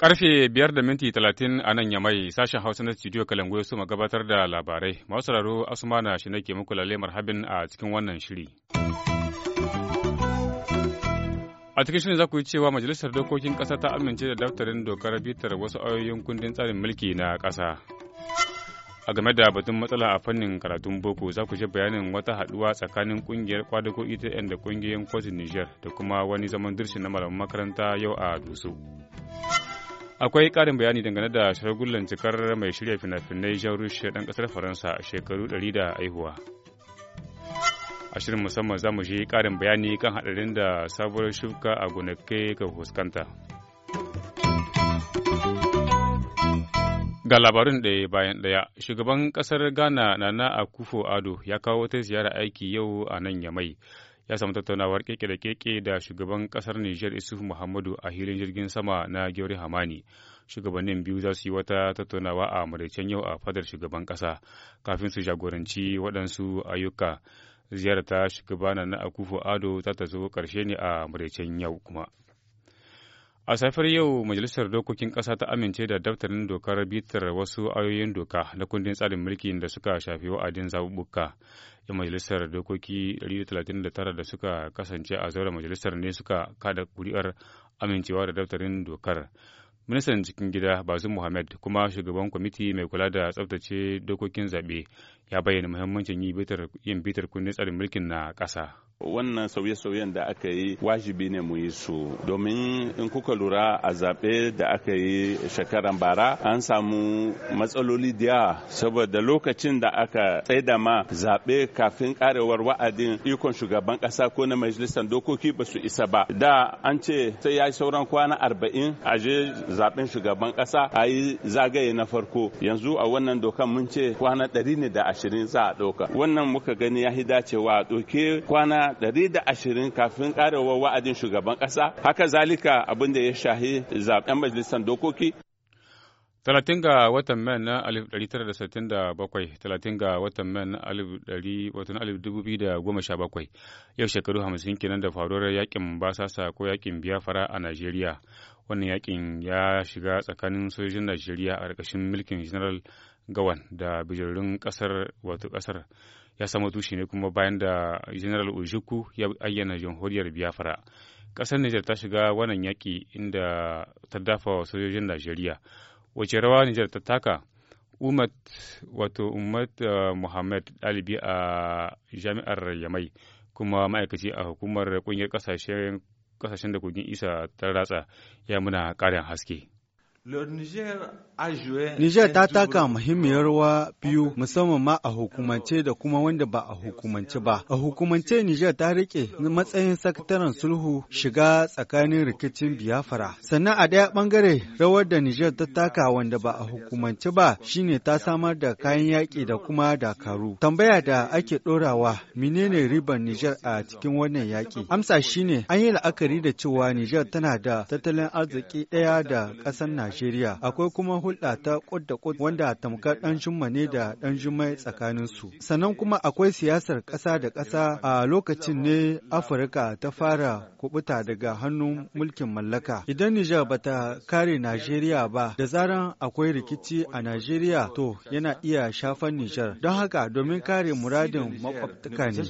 karfe biyar da minti talatin a nan yamai sashen hausa na studio kalangu ya suma gabatar da labarai masu sauraro asumana shi nake muku lalle marhabin a cikin wannan shiri. a cikin shirin za ku yi cewa majalisar dokokin ƙasa ta amince da daftarin dokar bitar wasu ayoyin kundin tsarin mulki na ƙasa a game da batun matsala a fannin karatun boko za ku ji bayanin wata haduwa tsakanin kungiyar kwadago etn da kungiyoyin kotun niger da kuma wani zaman dirshi na malaman makaranta yau a dusu akwai karin bayani dangane da shagullan cikar mai shirya fina-finai jean rushe dan kasar faransa a shekaru 100 da aihuwa a shirin musamman za mu ji karin bayani kan hadarin da sabuwar shuka a gonakai ka fuskanta Ga labarin ɗaya bayan ɗaya, shugaban ƙasar Ghana Nana Akufo Ado ya kawo wata ziyara aiki yau a nan Yamai. Ya samu tattaunawar keke da keke da shugaban ƙasar Nijar isuf Muhammadu a hilin jirgin sama na Gyori Hamani. Shugabannin biyu za su yi wata tattaunawa a maraicen yau a fadar shugaban ƙasa kafin su jagoranci waɗansu ayyuka. Ziyarar ta shugaba a Akufo Ado za ta zo ƙarshe ne a maraicen yau kuma. A safiyar yau Majalisar Dokokin kasa ta amince da daftarin dokar bitar wasu ayoyin doka na kundin tsarin mulkin da suka shafi wa'adin zaɓuɓɓuka. Yan Majalisar Dokoki 139 da suka kasance a zaura Majalisar ne suka kada kuri'ar amincewa da daftarin dokar. Ministan cikin gida bazu Muhammad kuma shugaban kwamiti mai kula da tsaftace dokokin zaɓe ya bayyana muhimmancin yin bitar kundin tsarin mulkin na ƙasa. wannan sauye-sauyen da aka yi wajibi ne mu yi su domin in kuka lura a zaɓe da aka yi shekaran bara an samu matsaloli da saboda lokacin da aka tsaida ma zaɓe kafin karewar wa'adin ikon shugaban ƙasa ko na majalisar dokoki ba su isa ba da an ce sai ya yi sauran kwana arba'in a je zaɓen shugaban ƙasa a yi zagaye na farko yanzu a wannan dokan mun ce kwana ɗari ne da ashirin za a ɗauka wannan muka gani ya dacewa a ɗauke kwana 120 kafin karewar wa'adin shugaban kasa haka zalika abin da ya shahi zaben majalisar dokoki talatin ga watan mai na alif ɗari tara da sittin da bakwai talatin ga watan mai na alif ɗari watan alif dubu biyu da goma sha bakwai yau shekaru hamsin kenan da faruwar yakin basasa ko yakin biyafara a najeriya wannan yakin ya shiga tsakanin sojojin najeriya a ƙarƙashin mulkin general gawan da bijirin kasar wato kasar ya samu tushe ne kuma bayan da general ojukwu ya ayyana jamhuriyar biafra kasar niger ta shiga wannan yaƙi inda ta dafa wa sojojin najeriya wace rawa niger ta taka umat wato umat eh, muhammad ɗalibi a jami'ar yamai kuma ma'aikaci a hukumar ƙungiyar ƙasashen da kogin isa ta ratsa ya muna ƙarin haske Nijar ta taka muhimmiyar rawa biyu musamman ma a hukumance da kuma wanda ba a hukumance ba. A hukumance Nijar ta rike matsayin sakataren sulhu shiga tsakanin rikicin biyafara. Sannan a ɗaya ɓangare rawar da Nijar ta taka wanda ba a hukumance ba shine ta samar da kayan yaƙi da kuma dakaru. Tambaya da ake ɗorawa menene ribar Nijar a cikin wannan yaƙi? Amsa shine an yi la'akari da cewa Nijar tana da tattalin arziki ɗaya da ƙasar Najeriya. Najeriya. Akwai kuma hulɗa ta kud da wanda tamkar ɗan jumma ne da ɗan jummai tsakanin su. Sannan kuma akwai siyasar ƙasa da ƙasa a lokacin ne Afirka ta fara kubuta daga hannun mulkin mallaka. Idan Nijar ta kare Najeriya ba, da zaran akwai rikici a Najeriya to yana iya shafan Nijar. Don haka domin kare muradin makwabtaka ne.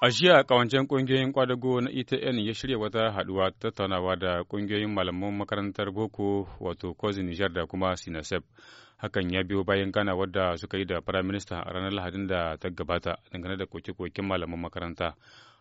A jiya kawancen kungiyoyin kwadago na ETN ya shirya wata haduwa tattaunawa da ƙungiyoyin malaman makarantar boko wato kozi Nijar da kuma sinasep Hakan ya biyo bayan gana wadda suka yi da Firaminista a ranar Lahadin da ta gabata dangane da koke-koken malaman makaranta.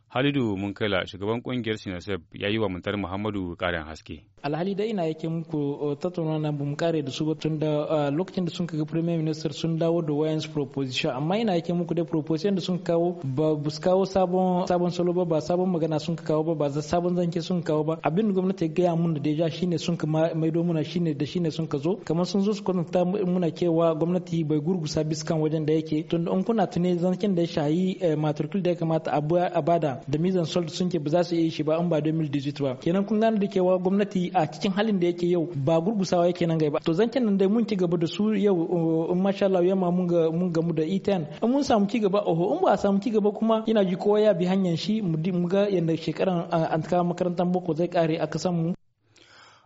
Halidu Munkala shugaban kungiyar Sinasef ya yi wa Muntar Muhammadu karin haske. Alhali da ina yake muku uh, tattauna na bamu kare da su ba tun da uh, lokacin da sun kaga Premier Minister sun dawo da wayansu proposition amma ina yake muku da proposition da sun kawo ba bus kawo sabon sabon salo ba ba sabon magana sun kawo ba ba sabon zanke sun kawo ba abin da gwamnati ya mun da deja shine sun ka maido muna shine da shine sun ka zo kamar sun zo su kwatanta muna cewa gwamnati bai gurgusa biskan wajen da yake tun da in kuna tune zankin da ya shayi eh, matrikul da ya kamata a bada da mizan sol sun ce ba za su iya shi ba in ba 2018 ba kenan kun gane da kewa gwamnati a cikin halin da yake yau ba gurgusawa yake nan gai ba. to zancen nan dai mun ci gaba da su yau uh, in masha Allah yamma mun ga mun gamu da itan e in mun samu ci gaba oho in ba a samu ci gaba kuma yana ji kowa ya bi hanyar shi mu ga yanda shekaran uh, an makarantar boko zai kare a kasan mu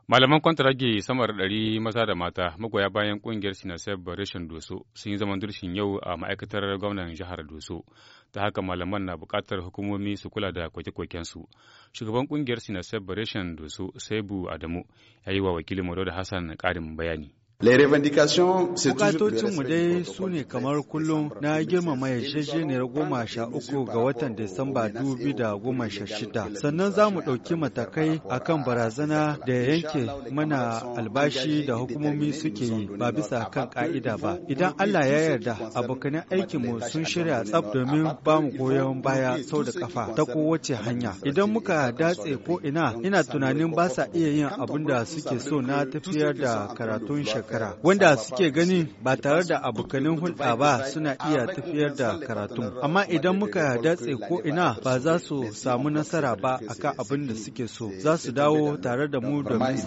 Malaman kwantarage sama ɗari maza da mata magoya bayan ƙungiyar Sinasef Barishin Doso sun yi zaman dirshin yau a ma'aikatar gwamnan jihar Doso. ta haka malaman na bukatar hukumomi su kula da koke su Shugaban ƙungiyar Sinasef dusu Doso Saibu Adamu ya yi wa wakilin da Hassan ƙarin bayani. Bukatocinmu dai su ne kamar kullum na girmama yarjejeniyar goma sha uku ga watan Disamba dubi da goma sha shida. Sannan za mu ɗauki matakai a kan barazana da yanke mana albashi da hukumomi suke yi ba bisa kan ƙa'ida ba. Idan Allah ya yarda abokanan mu sun shirya tsaf domin ba mu goyon baya sau da kafa ta kowace hanya. Idan muka datse ko ina, ina tunanin ba sa iya yin abin da suke so na tafiyar da karatun shekaru. wanda suke gani ba tare da abokanin hulɗa ba suna iya tafiyar da karatun amma idan muka datse ko ina ba za su samu nasara ba akan abin da suke so za su dawo tare da mu domin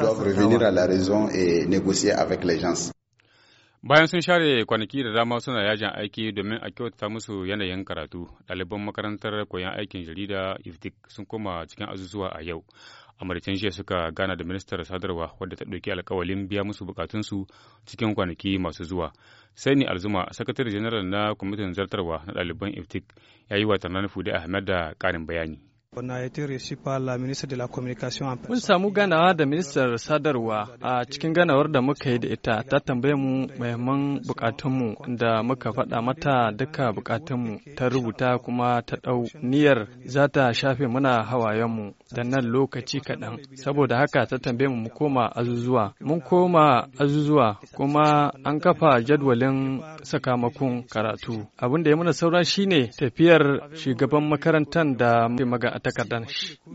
bayan sun share kwanaki da dama suna yajin aiki domin a kyautata musu yanayin karatu ɗaliban makarantar koyon aikin jarida iftik sun koma cikin azuzuwa a yau a shi jiya suka gana da ministar sadarwa wadda ta ɗauki alkawalin biya musu bukatunsu cikin kwanaki masu zuwa sai ni alzuma sakatare janar na kwamitin zartarwa na ɗaliban iftik ya yi wa tarnan fude ahmed da ƙarin bayani Mun samu ganawa da ministar sadarwa a cikin ganawar da muka yi da ita ta tambaye mu muhimman bukatunmu da muka faɗa mata duka bukatunmu ta rubuta kuma ta ɗau niyyar za ta shafe muna hawayenmu da nan lokaci kaɗan. Saboda haka ta tambaye mu mu koma azuzuwa. Mun koma azuzuwa kuma an kafa jadwalin sakamakon karatu. Abin da ya muna sauran shine tafiyar shugaban makarantar da maga takardar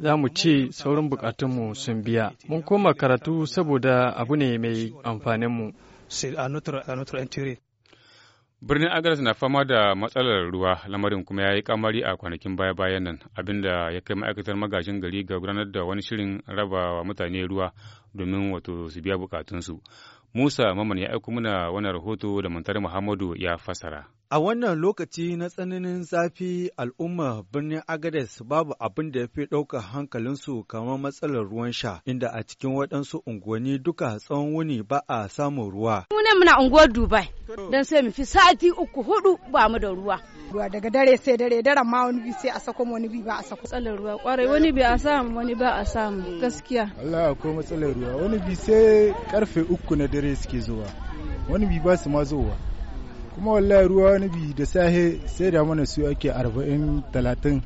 za mu ce sauran bukatunmu sun biya mun koma karatu saboda abu ne mai amfaninmu birnin agadas na fama da matsalar ruwa lamarin kuma ya yi kamari a kwanakin baya-bayan nan abinda ya kai ma'aikatar magajin gari ga gudanar da wani shirin raba wa mutane ruwa domin wato su biya bukatunsu musa mamman ya aiko mana wani rahoto da muntar muhammadu ya fasara A wannan lokaci na tsananin zafi al'umma birnin Agades babu abin da ya fi ɗaukar hankalinsu kamar matsalar ruwan sha, inda a cikin waɗansu unguwanni duka tsawon wuni ba a samun ruwa. Munan muna unguwar Dubai, don sai mu fi sati uku hudu ba mu da ruwa. Ruwa daga dare sai dare, daren ma wani bi sai a sako wani bi ba a sako. Matsalar ruwa kwarai wani bi a samu wani ba a samu gaskiya. Allah akwai matsalar ruwa wani bi sai karfe uku na dare suke zuwa, wani bi ba su ma zuwa. kuma wallahi ruwa wani bi da sahe sai da mana su ake arba'in talatin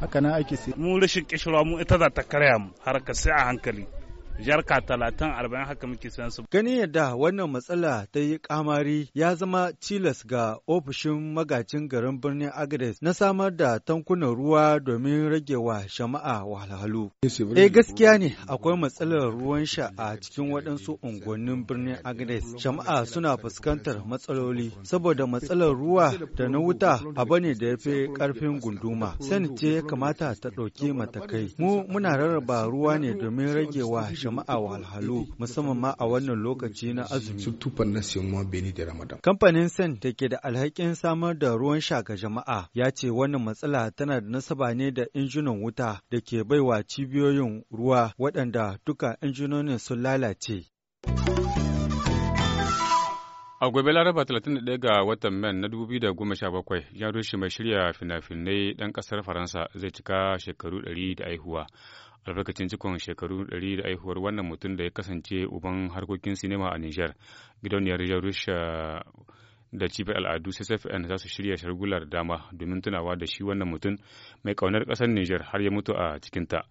haka na ake sai mu rashin kishirwa mu ita za ta karya mu harka sai a hankali jarka talatin arba'in haka muke san su. Ganin yadda wannan matsala ta yi kamari ya zama tilas ga ofishin magajin garin birnin Agades na samar da tankunan ruwa domin rage wa shama'a wahalhalu. Eh gaskiya ne akwai matsalar ruwan sha a cikin waɗansu unguwannin birnin Agades. Shama'a suna fuskantar matsaloli saboda matsalar ruwa da na wuta abu ne da ya fi ƙarfin gunduma. Sani ce ya kamata ta ɗauki matakai. Mu muna rarraba ruwa ne domin rage wa jama'a wahalhalu musamman ma a wannan lokaci na azumi. Kamfanin Sen da ke da alhakin samar da ruwan sha ga jama'a ya ce wannan matsala tana da nasaba ne da injunan wuta da ke baiwa cibiyoyin ruwa waɗanda duka injinonin sun lalace. A gobe Laraba 31 ga watan Man na 2017, Jan Rushi mai shirya fina-finai dan kasar Faransa zai cika shekaru 100 da aihuwa. albarkacin cikon shekaru 100 da aihuwar wannan mutum da ya kasance uban harkokin sinima a Nijar. Gidauniyar Jarusha da cibiyar al'adu CSFN za su shirya shargular dama domin tunawa da shi wannan mutum mai kaunar kasar Nijar har ya mutu a cikinta.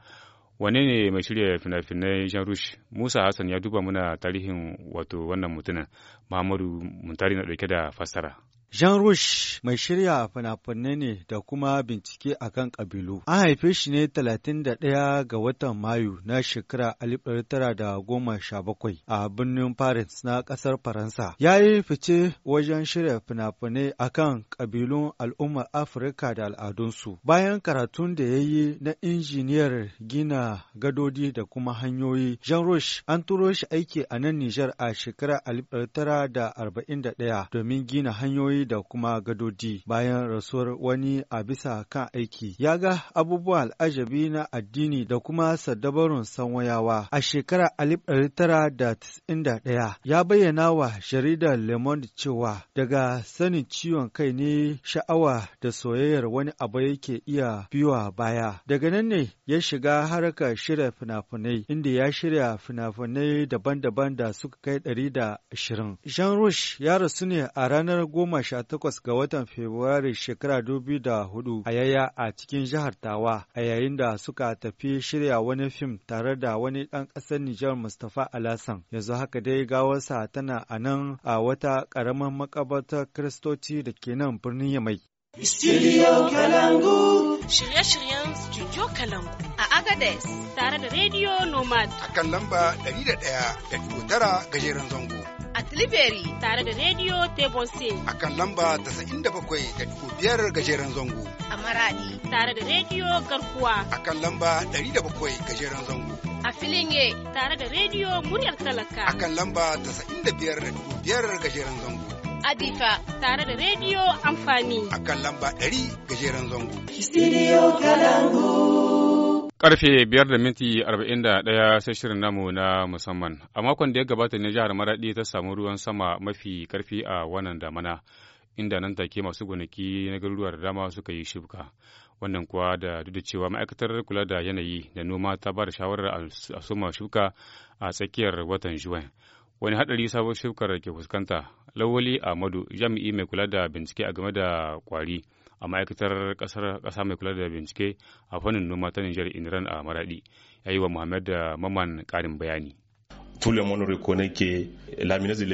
Wane ne mai shirya fina-finai Jean Rouge? Musa Hassan ya duba muna tarihin wato wannan mutumin. Muhammadu Muntari na ɗauke da fassara. Jean Rouge mai shirya fina-finai ne da kuma bincike a kan ƙabilu. An haife shi ne 31 ga watan Mayu na shekara 1917 a birnin Paris na ƙasar Faransa. Ya yi fice wajen shirya fina-finai a kan ƙabilun al'ummar Afirka da al'adunsu. Bayan karatun da ya yi na injiniyar gina gadodi da kuma hanyoyi, Jean Rouge an turo shi aiki a nan Nijar a shekara 1941 domin gina hanyoyi da kuma gadodi bayan rasuwar wani a bisa kan aiki. Ya ga abubuwa al'ajabi na addini da kuma sadabarun sanwayawa a shekara shekarar ɗaya. ya bayyana wa jaridar Le cewa daga sanin ciwon kai ne sha'awa da soyayyar wani abu yake iya biyuwa baya. Daga nan ne ya shiga harkar shirya fina-finai inda ya shirya fina-finai daban-daban da suka kai ɗari da ashirin. Jean Rush ya rasu ne a ranar goma sha takwas ga watan Fabrairu shekara dubu da hudu a yaya a cikin jihar Tawa a yayin da suka tafi shirya wani fim tare da wani ɗan ƙasar Nijar Mustapha Alasan. Yanzu haka dai gawarsa tana a nan a wata ƙaramin makabartar Kiristoci da ke nan birnin Yamai. Studio Kalangu. Shirye-shiryen Studio Kalangu. A Agadez Tare da Radio Nomad. A kan lamba 101.9 gajeren zango. a Tilibiri tare da Radio Tebose A kan lamba biyar gajeren zango. A Maradi tare da Radio Garkuwa. A kan lamba 107 gajeren zango. A Filinge tare da Radio Muryar Talaka. A kan lamba biyar gajeren zango. Adifa tare da rediyo amfani. A kan lamba 100 gajeren zango. Studio Kalangu. Karfe biyar da minti arba'in da ɗaya sai shirin namu na musamman. A makon da ya gabata ne jihar maradi ta samu ruwan sama mafi karfi a wannan damana, inda nan take masu gonaki na garuruwar dama suka yi shibka. Wannan kuwa da duk da cewa ma'aikatar kula da yanayi da noma ta ba da shawarar a soma shuka a tsakiyar watan Juwan. wani haɗari sabon shukar ke fuskanta lawali madu jami'i mai kula da bincike a game da kwari a ma'aikatar ƙasa mai kula da bincike a fannin noma ta Nijar Inran a Maradi. Ya yi wa Muhammad eh, Maman ƙarin bayani. tulen wani nake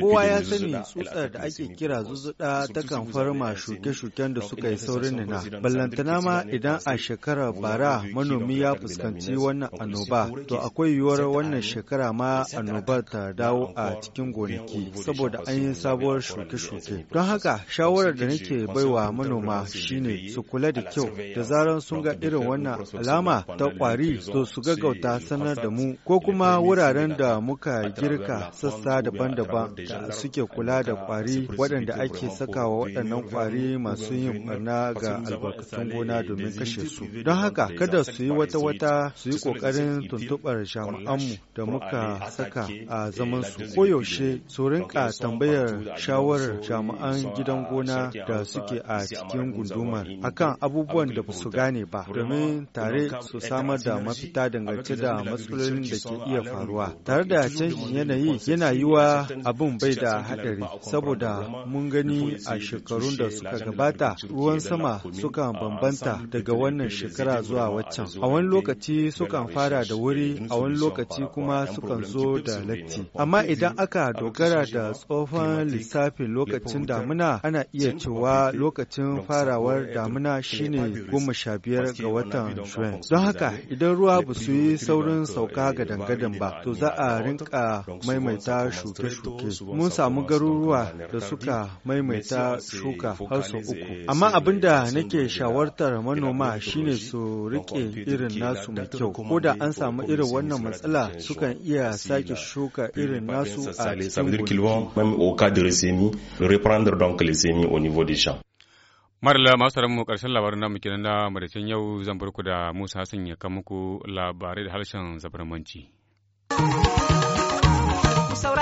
kowa ya sani tsutsar da ake kira zuzuda ta kan farma shuke-shuken da suka yi saurin nuna ballantana ma idan a shekara bara manomi ya fuskanci wannan annoba to akwai yiwuwar wannan shekara ma annobar ta dawo a cikin gonaki saboda an yi sabuwar shuke-shuke don haka shawarar da nake baiwa manoma shine su kula da kyau da zaran sun ga irin wannan alama ta kwari to su gaggauta sanar da mu ko kuma wuraren da muka suka girka sassa daban-daban da suke kula da kwari waɗanda ake sakawa waɗannan kwari masu yin barna ga albarkatun gona domin kashe su. Don haka kada su yi wata-wata su yi ƙoƙarin tuntuɓar jami'anmu da muka saka a zaman su koyaushe su rinka tambayar shawarar jama'an gidan gona da suke a cikin gundumar akan abubuwan da ba su gane ba domin tare su samar da mafita dangance da matsalolin da ke iya faruwa tare da canjin yanayi yana yi wa abin bai da hadari, saboda mun gani a shekarun da suka gabata ruwan sama suka bambanta daga wannan shekara zuwa waccan a wani lokaci sukan fara da wuri a wani lokaci kuma sukan zo da latti amma idan aka dogara da tsohon lissafin lokacin damuna ana iya cewa lokacin farawar damuna shine goma sha biyar ga watan shuen don haka idan ruwa ba su yi saurin sauka ga dangadan ba to za a rinka rika maimaita shuke-shuke mun samu garuruwa da suka maimaita shuka har sau uku amma abin da nake shawartar manoma shine su rike irin nasu mai kyau ko da an samu irin wannan matsala sukan iya sake shuka irin nasu a cikin Marla masu sauran mu karshen labarin namu kenan na madacin yau zan barku da Musa Hassan ya kan muku labarai da harshen zabarmanci.